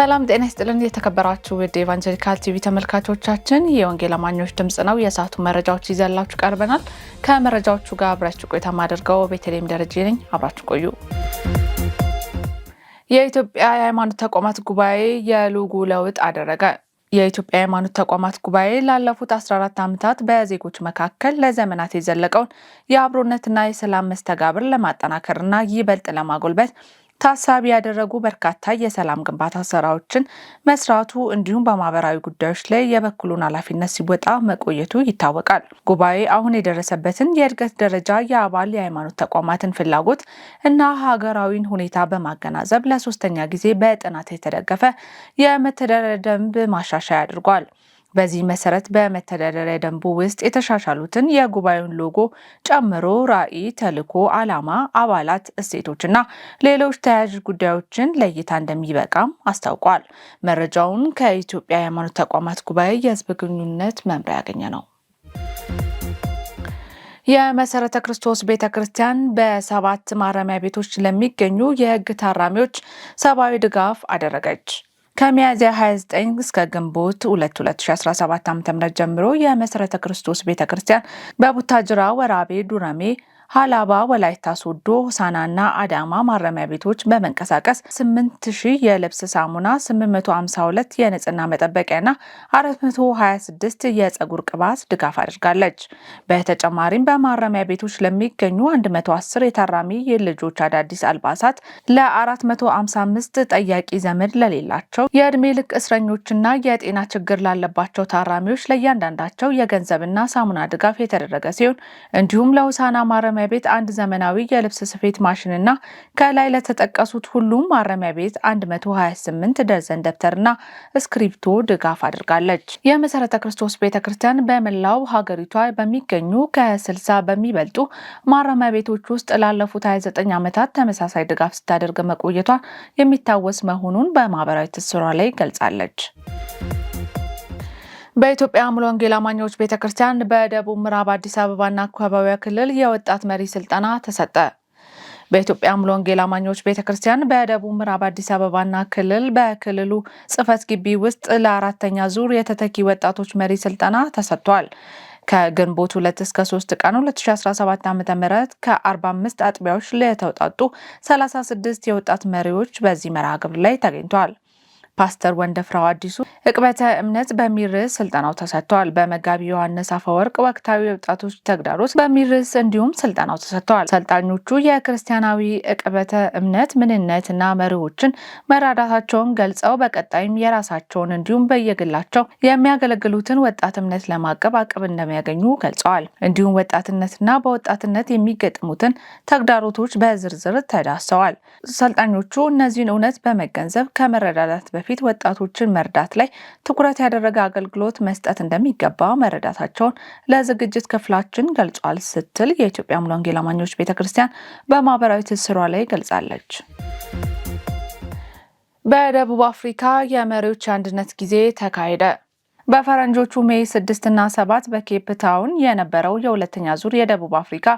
ሰላም ጤና ይስጥልን። የተከበራችሁ ውድ ኤቫንጀሊካል ቲቪ ተመልካቾቻችን የወንጌል አማኞች ድምጽ ነው። የሰዓቱ መረጃዎች ይዘላችሁ ቀርበናል። ከመረጃዎቹ ጋር አብራችሁ ቆይታ ማደርገው ቤተልሔም ደረጀ ነኝ። አብራችሁ ቆዩ። የኢትዮጵያ የሃይማኖት ተቋማት ጉባኤ የሎጎ ለውጥ አደረገ። የኢትዮጵያ የሃይማኖት ተቋማት ጉባኤ ላለፉት 14 ዓመታት በዜጎች መካከል ለዘመናት የዘለቀውን የአብሮነትና የሰላም መስተጋብር ለማጠናከርና ይበልጥ ለማጎልበት ታሳቢ ያደረጉ በርካታ የሰላም ግንባታ ስራዎችን መስራቱ እንዲሁም በማህበራዊ ጉዳዮች ላይ የበኩሉን ኃላፊነት ሲወጣ መቆየቱ ይታወቃል። ጉባኤ አሁን የደረሰበትን የእድገት ደረጃ፣ የአባል የሃይማኖት ተቋማትን ፍላጎት እና ሀገራዊን ሁኔታ በማገናዘብ ለሶስተኛ ጊዜ በጥናት የተደገፈ የመተዳደሪያ ደንብ ማሻሻያ አድርጓል። በዚህ መሰረት በመተዳደሪያ ደንቡ ውስጥ የተሻሻሉትን የጉባኤውን ሎጎ ጨምሮ ራዕይ፣ ተልዕኮ፣ ዓላማ፣ አባላት፣ እሴቶች እና ሌሎች ተያያዥ ጉዳዮችን ለእይታ እንደሚበቃም አስታውቋል። መረጃውን ከኢትዮጵያ የሃይማኖት ተቋማት ጉባኤ የህዝብ ግንኙነት መምሪያ ያገኘ ነው። የመሰረተ ክርስቶስ ቤተ ክርስቲያን በሰባት ማረሚያ ቤቶች ለሚገኙ የህግ ታራሚዎች ሰብአዊ ድጋፍ አደረገች። ከሚያዝያ 29 እስከ ግንቦት 2 2017 ዓ.ም ጀምሮ የመሰረተ ክርስቶስ ቤተ ክርስቲያን በቡታጅራ ወራቤ ዱረሜ ሀላባ፣ ወላይታ ሶዶ፣ ሆሳናና አዳማ ማረሚያ ቤቶች በመንቀሳቀስ 8000 የልብስ ሳሙና፣ 852 የንጽህና መጠበቂያና 426 የፀጉር ቅባት ድጋፍ አድርጋለች። በተጨማሪም በማረሚያ ቤቶች ለሚገኙ 110 የታራሚ የልጆች አዳዲስ አልባሳት ለ455 ጠያቂ ዘመድ ለሌላቸው የእድሜ ልክ እስረኞችና የጤና ችግር ላለባቸው ታራሚዎች ለእያንዳንዳቸው የገንዘብና ሳሙና ድጋፍ የተደረገ ሲሆን እንዲሁም ለሆሳና ማረሚያ ማረሚያ ቤት አንድ ዘመናዊ የልብስ ስፌት ማሽን እና ከላይ ለተጠቀሱት ሁሉም ማረሚያ ቤት 128 ደርዘን ደብተርና እስክሪብቶ ድጋፍ አድርጋለች። የመሰረተ ክርስቶስ ቤተ ክርስቲያን በመላው ሀገሪቷ በሚገኙ ከ60 በሚበልጡ ማረሚያ ቤቶች ውስጥ ላለፉት 29 ዓመታት ተመሳሳይ ድጋፍ ስታደርግ መቆየቷ የሚታወስ መሆኑን በማህበራዊ ትስሯ ላይ ገልጻለች። በኢትዮጵያ ሙሉ ወንጌል አማኞች ቤተ ክርስቲያን በደቡብ ምዕራብ አዲስ አበባና አካባቢዋ ክልል የወጣት መሪ ስልጠና ተሰጠ። በኢትዮጵያ ሙሉ ወንጌል አማኞች ቤተ ክርስቲያን በደቡብ ምዕራብ አዲስ አበባና ክልል በክልሉ ጽፈት ግቢ ውስጥ ለአራተኛ ዙር የተተኪ ወጣቶች መሪ ስልጠና ተሰጥቷል። ከግንቦት ሁለት እስከ ሶስት ቀን 2017 ዓ ም ከ45 አጥቢያዎች ለተውጣጡ 36 የወጣት መሪዎች በዚህ መርሃ ግብር ላይ ተገኝተዋል። ፓስተር ወንደፍራው አዲሱ እቅበተ እምነት በሚል ርዕስ ስልጠናው ተሰጥተዋል። በመጋቢ ዮሐንስ አፈወርቅ ወቅታዊ የወጣቶች ተግዳሮት በሚል ርዕስ እንዲሁም ስልጠናው ተሰጥተዋል። ሰልጣኞቹ የክርስቲያናዊ እቅበተ እምነት ምንነትና መሪዎችን መራዳታቸውን ገልጸው በቀጣይም የራሳቸውን እንዲሁም በየግላቸው የሚያገለግሉትን ወጣት እምነት ለማቀብ አቅብ እንደሚያገኙ ገልጸዋል። እንዲሁም ወጣትነትና በወጣትነት የሚገጥሙትን ተግዳሮቶች በዝርዝር ተዳሰዋል። ሰልጣኞቹ እነዚህን እውነት በመገንዘብ ከመረዳዳት በፊት በፊት ወጣቶችን መርዳት ላይ ትኩረት ያደረገ አገልግሎት መስጠት እንደሚገባ መረዳታቸውን ለዝግጅት ክፍላችን ገልጿል ስትል የኢትዮጵያ ሙሉ ወንጌል አማኞች ቤተ ክርስቲያን በማህበራዊ ትስሯ ላይ ገልጻለች። በደቡብ አፍሪካ የመሪዎች አንድነት ጊዜ ተካሄደ። በፈረንጆቹ ሜይ ስድስትና ሰባት በኬፕ ታውን የነበረው የሁለተኛ ዙር የደቡብ አፍሪካ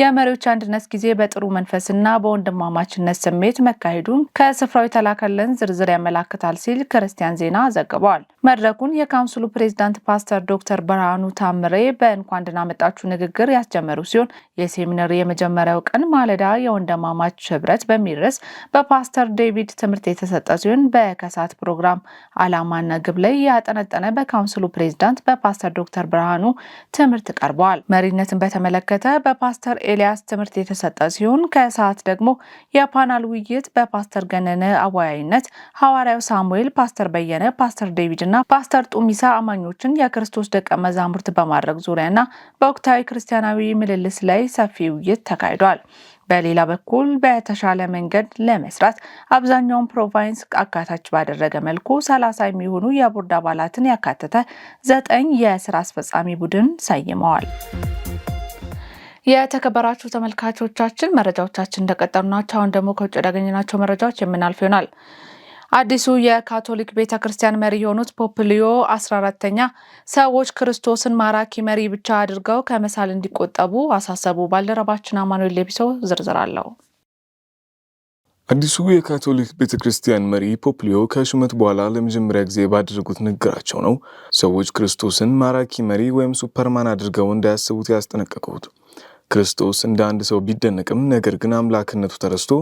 የመሪዎች አንድነት ጊዜ በጥሩ መንፈስና በወንድማማችነት ስሜት መካሄዱን ከስፍራው የተላከለን ዝርዝር ያመላክታል ሲል ክርስቲያን ዜና ዘግበዋል። መድረኩን የካውንስሉ ፕሬዚዳንት ፓስተር ዶክተር ብርሃኑ ታምሬ በእንኳን ደህና መጣችሁ ንግግር ያስጀመሩ ሲሆን የሴሚነሪ የመጀመሪያው ቀን ማለዳ የወንድማማች ህብረት በሚል ርዕስ በፓስተር ዴቪድ ትምህርት የተሰጠ ሲሆን በከሳት ፕሮግራም አላማና ግብ ላይ ያጠነጠነ በካ የካውንስሉ ፕሬዝዳንት በፓስተር ዶክተር ብርሃኑ ትምህርት ቀርበዋል። መሪነትን በተመለከተ በፓስተር ኤልያስ ትምህርት የተሰጠ ሲሆን ከሰዓት ደግሞ የፓናል ውይይት በፓስተር ገነነ አወያይነት ሐዋርያው ሳሙኤል፣ ፓስተር በየነ፣ ፓስተር ዴቪድ እና ፓስተር ጡሚሳ አማኞችን የክርስቶስ ደቀ መዛሙርት በማድረግ ዙሪያና በወቅታዊ ክርስቲያናዊ ምልልስ ላይ ሰፊ ውይይት ተካሂዷል። በሌላ በኩል በተሻለ መንገድ ለመስራት አብዛኛውን ፕሮቫይንስ አካታች ባደረገ መልኩ ሰላሳ የሚሆኑ የቦርድ አባላትን ያካተተ ዘጠኝ የስራ አስፈጻሚ ቡድን ሰይመዋል። የተከበራችሁ ተመልካቾቻችን መረጃዎቻችን እንደቀጠሉ ናቸው። አሁን ደግሞ ከውጭ ወዳገኘናቸው መረጃዎች የምናልፍ ይሆናል። አዲሱ የካቶሊክ ቤተ ክርስቲያን መሪ የሆኑት ፖፕ ሊዮ 14ተኛ ሰዎች ክርስቶስን ማራኪ መሪ ብቻ አድርገው ከመሳል እንዲቆጠቡ አሳሰቡ። ባልደረባችን አማኑኤል ሌቢሶ ዝርዝር አለው። አዲሱ የካቶሊክ ቤተ ክርስቲያን መሪ ፖፕ ሊዮ ከሹመት በኋላ ለመጀመሪያ ጊዜ ባደረጉት ንግግራቸው ነው ሰዎች ክርስቶስን ማራኪ መሪ ወይም ሱፐርማን አድርገው እንዳያስቡት ያስጠነቀቁት። ክርስቶስ እንደ አንድ ሰው ቢደነቅም ነገር ግን አምላክነቱ ተረስቶ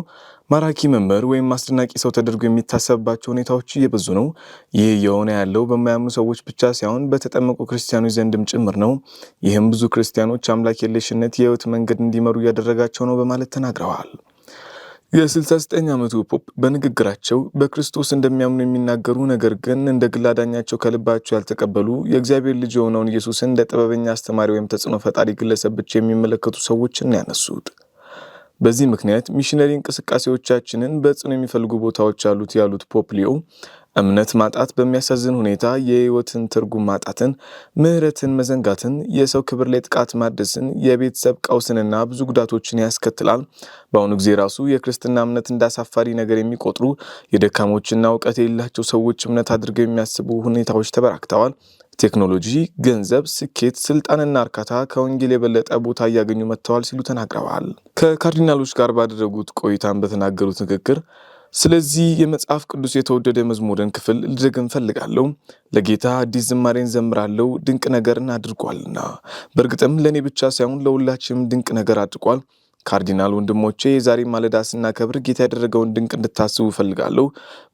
ማራኪ መምህር ወይም አስደናቂ ሰው ተደርጎ የሚታሰብባቸው ሁኔታዎች እየበዙ ነው። ይህ የሆነ ያለው በማያምኑ ሰዎች ብቻ ሳይሆን በተጠመቁ ክርስቲያኖች ዘንድም ጭምር ነው። ይህም ብዙ ክርስቲያኖች አምላክ የለሽነት የህይወት መንገድ እንዲመሩ እያደረጋቸው ነው በማለት ተናግረዋል። የ69 ዓመቱ ፖፕ በንግግራቸው በክርስቶስ እንደሚያምኑ የሚናገሩ ነገር ግን እንደ ግል አዳኛቸው ከልባቸው ያልተቀበሉ የእግዚአብሔር ልጅ የሆነውን ኢየሱስን እንደ ጥበበኛ አስተማሪ ወይም ተጽዕኖ ፈጣሪ ግለሰብ ብቻ የሚመለከቱ ሰዎችን ያነሱት። በዚህ ምክንያት ሚሽነሪ እንቅስቃሴዎቻችንን በጽኑ የሚፈልጉ ቦታዎች አሉት ያሉት ፖፕ ሊዮ እምነት ማጣት በሚያሳዝን ሁኔታ የህይወትን ትርጉም ማጣትን፣ ምህረትን መዘንጋትን፣ የሰው ክብር ላይ ጥቃት ማድረስን፣ የቤተሰብ ቀውስንና ብዙ ጉዳቶችን ያስከትላል። በአሁኑ ጊዜ ራሱ የክርስትና እምነት እንዳሳፋሪ ነገር የሚቆጥሩ የደካሞችና እውቀት የሌላቸው ሰዎች እምነት አድርገው የሚያስቡ ሁኔታዎች ተበራክተዋል። ቴክኖሎጂ፣ ገንዘብ፣ ስኬት፣ ስልጣንና እርካታ ከወንጌል የበለጠ ቦታ እያገኙ መጥተዋል ሲሉ ተናግረዋል። ከካርዲናሎች ጋር ባደረጉት ቆይታን በተናገሩት ንግግር ስለዚህ የመጽሐፍ ቅዱስ የተወደደ መዝሙርን ክፍል ልደግም ፈልጋለሁ። ለጌታ አዲስ ዝማሬን ዘምራለሁ፣ ድንቅ ነገርን አድርጓልና። በእርግጥም ለእኔ ብቻ ሳይሆን ለሁላችንም ድንቅ ነገር አድርጓል። ካርዲናል ወንድሞቼ ዛሬ ማለዳ ስናከብር ጌታ ያደረገውን ድንቅ እንድታስቡ እፈልጋለሁ።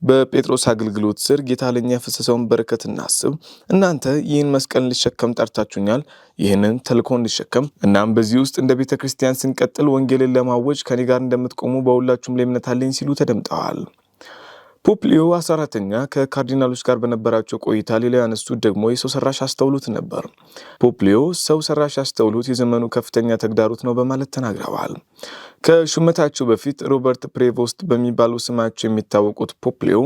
በጴጥሮስ አገልግሎት ስር ጌታ ለእኛ ያፈሰሰውን በረከት እናስብ። እናንተ ይህን መስቀል እንድሸከም ጠርታችሁኛል፣ ይህንን ተልኮ እንድሸከም። እናም በዚህ ውስጥ እንደ ቤተ ክርስቲያን ስንቀጥል ወንጌልን ለማወጅ ከኔ ጋር እንደምትቆሙ በሁላችሁም ላይ እምነት አለኝ ሲሉ ተደምጠዋል። ፖፕ ሊዮ 14 ከካርዲናሎች ጋር በነበራቸው ቆይታ ሌላ ያነሱት ደግሞ የሰው ሰራሽ አስተውሎት ነበር። ፖፕ ሊዮ ሰው ሰራሽ አስተውሎት የዘመኑ ከፍተኛ ተግዳሮት ነው በማለት ተናግረዋል። ከሹመታቸው በፊት ሮበርት ፕሬቮስት በሚባሉ ስማቸው የሚታወቁት ፖፕ ሊዮ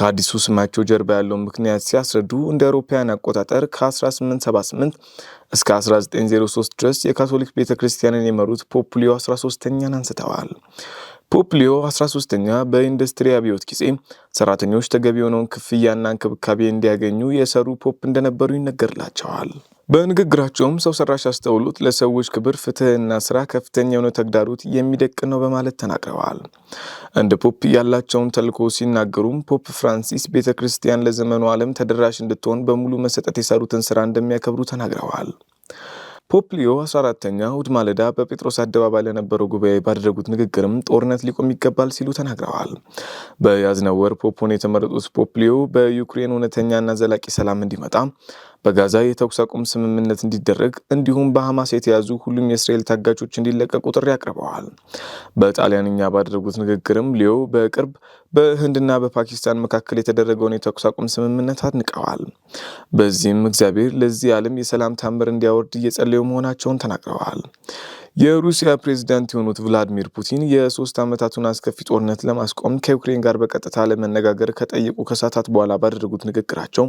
ከአዲሱ ስማቸው ጀርባ ያለውን ምክንያት ሲያስረዱ እንደ አውሮፓውያን አቆጣጠር ከ1878 እስከ 1903 ድረስ የካቶሊክ ቤተ ክርስቲያንን የመሩት ፖፕ ሊዮ 13ኛን አንስተዋል። ፖፕ ሊዮ 13ኛ በኢንዱስትሪ አብዮት ጊዜ ሰራተኞች ተገቢ የሆነውን ክፍያና እንክብካቤ እንዲያገኙ የሰሩ ፖፕ እንደነበሩ ይነገርላቸዋል። በንግግራቸውም ሰው ሰራሽ አስተውሎት ለሰዎች ክብር፣ ፍትህና ስራ ከፍተኛ የሆነ ተግዳሮት የሚደቅ ነው በማለት ተናግረዋል። እንደ ፖፕ ያላቸውን ተልኮ ሲናገሩም ፖፕ ፍራንሲስ ቤተ ክርስቲያን ለዘመኑ ዓለም ተደራሽ እንድትሆን በሙሉ መሰጠት የሰሩትን ስራ እንደሚያከብሩ ተናግረዋል። ፖፕ ሊዮ 14ተኛ እሁድ ማለዳ በጴጥሮስ አደባባይ ለነበረው ጉባኤ ባደረጉት ንግግርም ጦርነት ሊቆም ይገባል ሲሉ ተናግረዋል። በያዝነው ወር ፖፑን የተመረጡት ፖፕ ሊዮ በዩክሬን እውነተኛና ዘላቂ ሰላም እንዲመጣ በጋዛ የተኩስ አቁም ስምምነት እንዲደረግ እንዲሁም በሐማስ የተያዙ ሁሉም የእስራኤል ታጋቾች እንዲለቀቁ ጥሪ አቅርበዋል። በጣሊያንኛ ባደረጉት ንግግርም ሊዮ በቅርብ በህንድና በፓኪስታን መካከል የተደረገውን የተኩስ አቁም ስምምነት አድንቀዋል። በዚህም እግዚአብሔር ለዚህ ዓለም የሰላም ታምር እንዲያወርድ እየጸለዩ መሆናቸውን ተናግረዋል። የሩሲያ ፕሬዚዳንት የሆኑት ቭላዲሚር ፑቲን የሶስት ዓመታቱን አስከፊ ጦርነት ለማስቆም ከዩክሬን ጋር በቀጥታ ለመነጋገር ከጠየቁ ከሰዓታት በኋላ ባደረጉት ንግግራቸው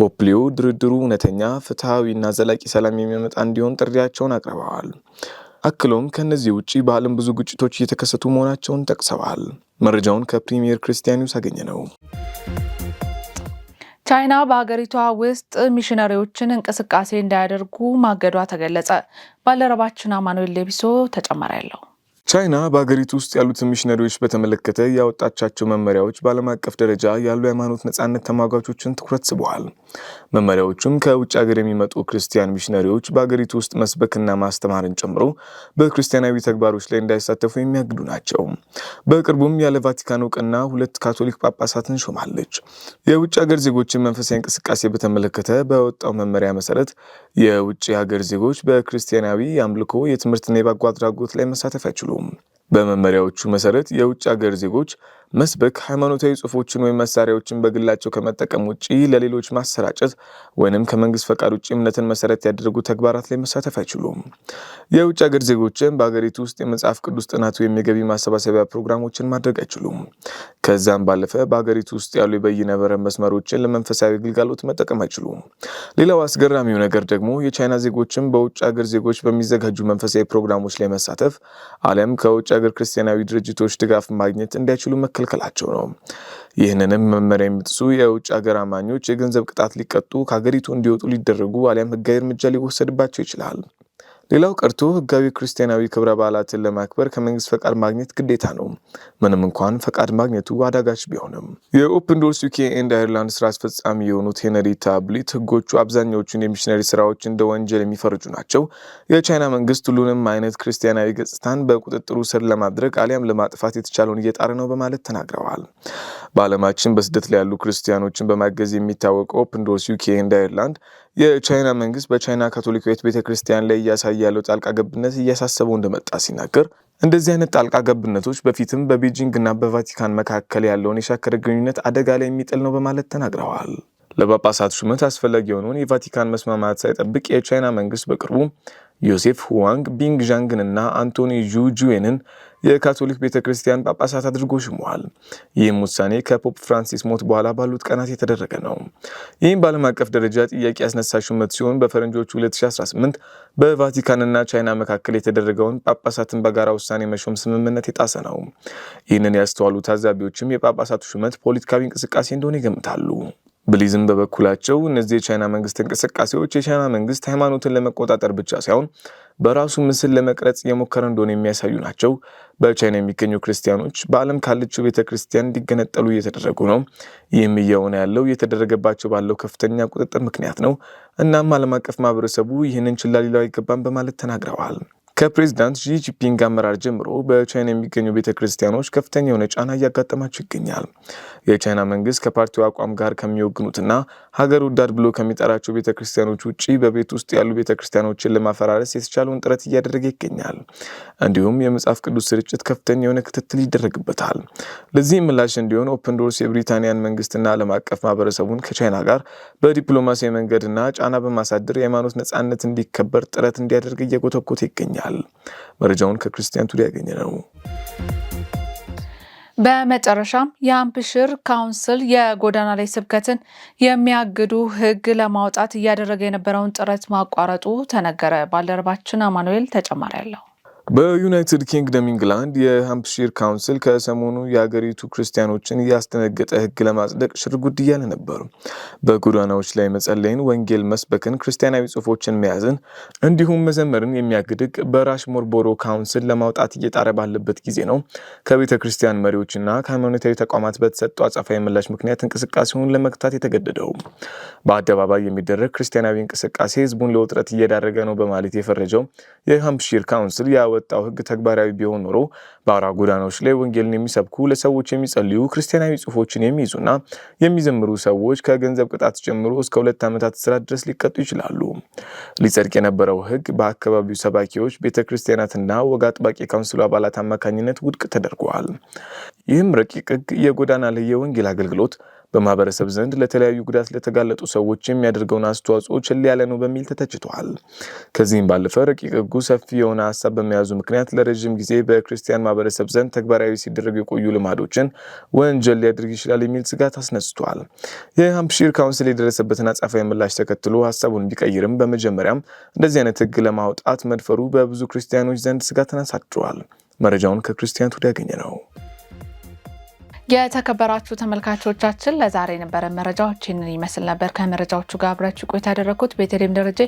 ፖፕሊዮ ድርድሩ እውነተኛ ፍትሐዊና ዘላቂ ሰላም የሚያመጣ እንዲሆን ጥሪያቸውን አቅርበዋል። አክሎም ከእነዚህ ውጭ በዓለም ብዙ ግጭቶች እየተከሰቱ መሆናቸውን ጠቅሰዋል። መረጃውን ከፕሪምየር ክርስቲያን ኒውስ አገኘ ነው። ቻይና በሀገሪቷ ውስጥ ሚሽነሪዎችን እንቅስቃሴ እንዳያደርጉ ማገዷ ተገለጸ። ባልደረባችን አማኑኤል ሌቢሶ ተጨማሪ ያለው ቻይና በሀገሪቱ ውስጥ ያሉትን ሚሽነሪዎች በተመለከተ ያወጣቻቸው መመሪያዎች በዓለም አቀፍ ደረጃ ያሉ የሃይማኖት ነጻነት ተሟጋቾችን ትኩረት ስበዋል። መመሪያዎቹም ከውጭ ሀገር የሚመጡ ክርስቲያን ሚሽነሪዎች በሀገሪቱ ውስጥ መስበክና ማስተማርን ጨምሮ በክርስቲያናዊ ተግባሮች ላይ እንዳይሳተፉ የሚያግዱ ናቸው። በቅርቡም ያለ ቫቲካን እውቅና ሁለት ካቶሊክ ጳጳሳትን ሾማለች። የውጭ ሀገር ዜጎችን መንፈሳዊ እንቅስቃሴ በተመለከተ በወጣው መመሪያ መሰረት የውጭ ሀገር ዜጎች በክርስቲያናዊ የአምልኮ የትምህርትና የበጎ አድራጎት ላይ መሳተፍ አይችሉም። Rom በመመሪያዎቹ መሰረት የውጭ ሀገር ዜጎች መስበክ፣ ሃይማኖታዊ ጽሁፎችን ወይም መሳሪያዎችን በግላቸው ከመጠቀም ውጭ ለሌሎች ማሰራጨት ወይንም ከመንግስት ፈቃድ ውጭ እምነትን መሰረት ያደረጉ ተግባራት ላይ መሳተፍ አይችሉም። የውጭ ሀገር ዜጎችን በሀገሪቱ ውስጥ የመጽሐፍ ቅዱስ ጥናት ወይም የገቢ ማሰባሰቢያ ፕሮግራሞችን ማድረግ አይችሉም። ከዛም ባለፈ በሀገሪቱ ውስጥ ያሉ የበይነ መስመሮችን ለመንፈሳዊ ግልጋሎት መጠቀም አይችሉም። ሌላው አስገራሚው ነገር ደግሞ የቻይና ዜጎችን በውጭ ሀገር ዜጎች በሚዘጋጁ መንፈሳዊ ፕሮግራሞች ላይ መሳተፍ አለም ከውጭ ባሻገር ክርስቲያናዊ ድርጅቶች ድጋፍ ማግኘት እንዳይችሉ መከልከላቸው ነው። ይህንንም መመሪያ የሚጥሱ የውጭ ሀገር አማኞች የገንዘብ ቅጣት ሊቀጡ፣ ከሀገሪቱ እንዲወጡ ሊደረጉ አሊያም ህጋዊ እርምጃ ሊወሰድባቸው ይችላል። ሌላው ቀርቶ ህጋዊ ክርስቲያናዊ ክብረ በዓላትን ለማክበር ከመንግስት ፈቃድ ማግኘት ግዴታ ነው፣ ምንም እንኳን ፈቃድ ማግኘቱ አዳጋች ቢሆንም። የኦፕን ዶርስ ዩኬ ኤንድ አይርላንድ ስራ አስፈጻሚ የሆኑት ሄነሪ ታብሊት ህጎቹ አብዛኛዎቹን የሚሽነሪ ስራዎች እንደ ወንጀል የሚፈርጁ ናቸው፣ የቻይና መንግስት ሁሉንም አይነት ክርስቲያናዊ ገጽታን በቁጥጥሩ ስር ለማድረግ አሊያም ለማጥፋት የተቻለውን እየጣረ ነው በማለት ተናግረዋል። በዓለማችን በስደት ላይ ያሉ ክርስቲያኖችን በማገዝ የሚታወቀው ኦፕን ዶርስ ዩኬ ኤንድ አይርላንድ የቻይና መንግስት በቻይና ካቶሊካዊት ቤተ ክርስቲያን ላይ እያሳየ ያለው ጣልቃ ገብነት እያሳሰበው እንደመጣ ሲናገር እንደዚህ አይነት ጣልቃ ገብነቶች በፊትም በቤጂንግና በቫቲካን መካከል ያለውን የሻከረ ግንኙነት አደጋ ላይ የሚጥል ነው በማለት ተናግረዋል። ለጳጳሳት ሹመት አስፈላጊ የሆነውን የቫቲካን መስማማት ሳይጠብቅ የቻይና መንግስት በቅርቡ ዮሴፍ ሁዋንግ ቢንግ ና አንቶኒ ዡ ጁዌንን የካቶሊክ ቤተ ክርስቲያን ጳጳሳት አድርጎ ሽሟል። ይህም ውሳኔ ከፖፕ ፍራንሲስ ሞት በኋላ ባሉት ቀናት የተደረገ ነው። ይህም በዓለም አቀፍ ደረጃ ጥያቄ ያስነሳ ሹመት ሲሆን በፈረንጆቹ 2018 በቫቲካንና ቻይና መካከል የተደረገውን ጳጳሳትን በጋራ ውሳኔ መሾም ስምምነት የጣሰ ነው። ይህንን ያስተዋሉ ታዛቢዎችም የጳጳሳቱ ሹመት ፖለቲካዊ እንቅስቃሴ እንደሆነ ይገምታሉ። ብሊዝም በበኩላቸው እነዚህ የቻይና መንግስት እንቅስቃሴዎች የቻይና መንግስት ሃይማኖትን ለመቆጣጠር ብቻ ሳይሆን በራሱ ምስል ለመቅረጽ የሞከረ እንደሆነ የሚያሳዩ ናቸው። በቻይና የሚገኙ ክርስቲያኖች በዓለም ካለችው ቤተ ክርስቲያን እንዲገነጠሉ እየተደረጉ ነው። ይህም እየሆነ ያለው እየተደረገባቸው ባለው ከፍተኛ ቁጥጥር ምክንያት ነው። እናም ዓለም አቀፍ ማህበረሰቡ ይህንን ችላ ሊለው አይገባም በማለት ተናግረዋል። ከፕሬዚዳንት ጂጂፒንግ ጂንፒንግ አመራር ጀምሮ በቻይና የሚገኙ ቤተ ክርስቲያኖች ከፍተኛ የሆነ ጫና እያጋጠማቸው ይገኛል። የቻይና መንግስት ከፓርቲው አቋም ጋር ከሚወግኑትና ሀገር ወዳድ ብሎ ከሚጠራቸው ቤተ ክርስቲያኖች ውጭ በቤት ውስጥ ያሉ ቤተ ክርስቲያኖችን ለማፈራረስ የተቻለውን ጥረት እያደረገ ይገኛል። እንዲሁም የመጽሐፍ ቅዱስ ስርጭት ከፍተኛ የሆነ ክትትል ይደረግበታል። ለዚህ ምላሽ እንዲሆን ኦፕን ዶርስ የብሪታንያን መንግስትና ዓለም አቀፍ ማህበረሰቡን ከቻይና ጋር በዲፕሎማሲያዊ መንገድና ጫና በማሳደር የሃይማኖት ነጻነት እንዲከበር ጥረት እንዲያደርግ እየጎተጎተ ይገኛል። ይጠይቃል። መረጃውን ከክርስቲያን ቱዲ ያገኘ ነው። በመጨረሻም የአምፕሽር ካውንስል የጎዳና ላይ ስብከትን የሚያግዱ ሕግ ለማውጣት እያደረገ የነበረውን ጥረት ማቋረጡ ተነገረ። ባልደረባችን አማኑኤል ተጨማሪ አለው። በዩናይትድ ኪንግደም ኢንግላንድ የሃምፕሺር ካውንስል ከሰሞኑ የአገሪቱ ክርስቲያኖችን እያስደነገጠ ሕግ ለማጽደቅ ሽርጉድ እያለ ነበሩ። በጎዳናዎች ላይ መጸለይን፣ ወንጌል መስበክን፣ ክርስቲያናዊ ጽሑፎችን መያዝን እንዲሁም መዘመርን የሚያግድ ሕግ በራሽሞር ቦሮ ካውንስል ለማውጣት እየጣረ ባለበት ጊዜ ነው ከቤተ ክርስቲያን መሪዎችና ከሃይማኖታዊ ተቋማት በተሰጡ አጸፋዊ ምላሽ ምክንያት እንቅስቃሴውን ለመግታት የተገደደው። በአደባባይ የሚደረግ ክርስቲያናዊ እንቅስቃሴ ሕዝቡን ለውጥረት እየዳረገ ነው በማለት የፈረጀው የሃምፕሺር ካውንስል ወጣው ህግ ተግባራዊ ቢሆን ኖሮ በአውራ ጎዳናዎች ላይ ወንጌልን የሚሰብኩ ለሰዎች የሚጸልዩ ክርስቲያናዊ ጽሁፎችን የሚይዙና የሚዘምሩ ሰዎች ከገንዘብ ቅጣት ጀምሮ እስከ ሁለት ዓመታት እስራት ድረስ ሊቀጡ ይችላሉ። ሊጸድቅ የነበረው ህግ በአካባቢው ሰባኪዎች፣ ቤተ ክርስቲያናትና ወግ አጥባቂ ካውንስሉ አባላት አማካኝነት ውድቅ ተደርገዋል። ይህም ረቂቅ ህግ የጎዳና ላይ የወንጌል አገልግሎት በማህበረሰብ ዘንድ ለተለያዩ ጉዳት ለተጋለጡ ሰዎች የሚያደርገውን አስተዋጽኦ ችል ያለ ነው በሚል ተተችቷል። ከዚህም ባለፈ ረቂቅ ህጉ ሰፊ የሆነ ሀሳብ በመያዙ ምክንያት ለረዥም ጊዜ በክርስቲያን ማህበረሰብ ዘንድ ተግባራዊ ሲደረግ የቆዩ ልማዶችን ወንጀል ሊያደርግ ይችላል የሚል ስጋት አስነስቷል። የሃምፕሺር ካውንስል የደረሰበትን አጻፋዊ ምላሽ ተከትሎ ሀሳቡን ቢቀይርም በመጀመሪያም እንደዚህ አይነት ህግ ለማውጣት መድፈሩ በብዙ ክርስቲያኖች ዘንድ ስጋትን አሳድሯል። መረጃውን ከክርስቲያን ቱዲ ያገኘ ነው። የተከበራችሁ ተመልካቾቻችን ለዛሬ የነበረ መረጃዎች ይህንን ይመስል ነበር። ከመረጃዎቹ ጋር አብራችሁ ቆይታ ያደረግኩት ቤተልሔም ደረጀ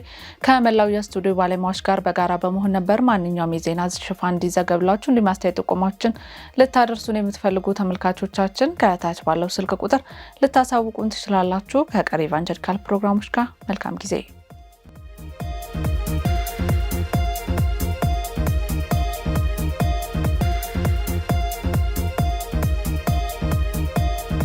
ከመላው የስቱዲዮ ባለሙያዎች ጋር በጋራ በመሆን ነበር። ማንኛውም የዜና ሽፋን እንዲዘገብላችሁ እንዲሁም አስተያየት ጥቆማችን ልታደርሱን የምትፈልጉ ተመልካቾቻችን ከታች ባለው ስልክ ቁጥር ልታሳውቁን ትችላላችሁ። ከቀሪ ኢቫንጀሊካል ፕሮግራሞች ጋር መልካም ጊዜ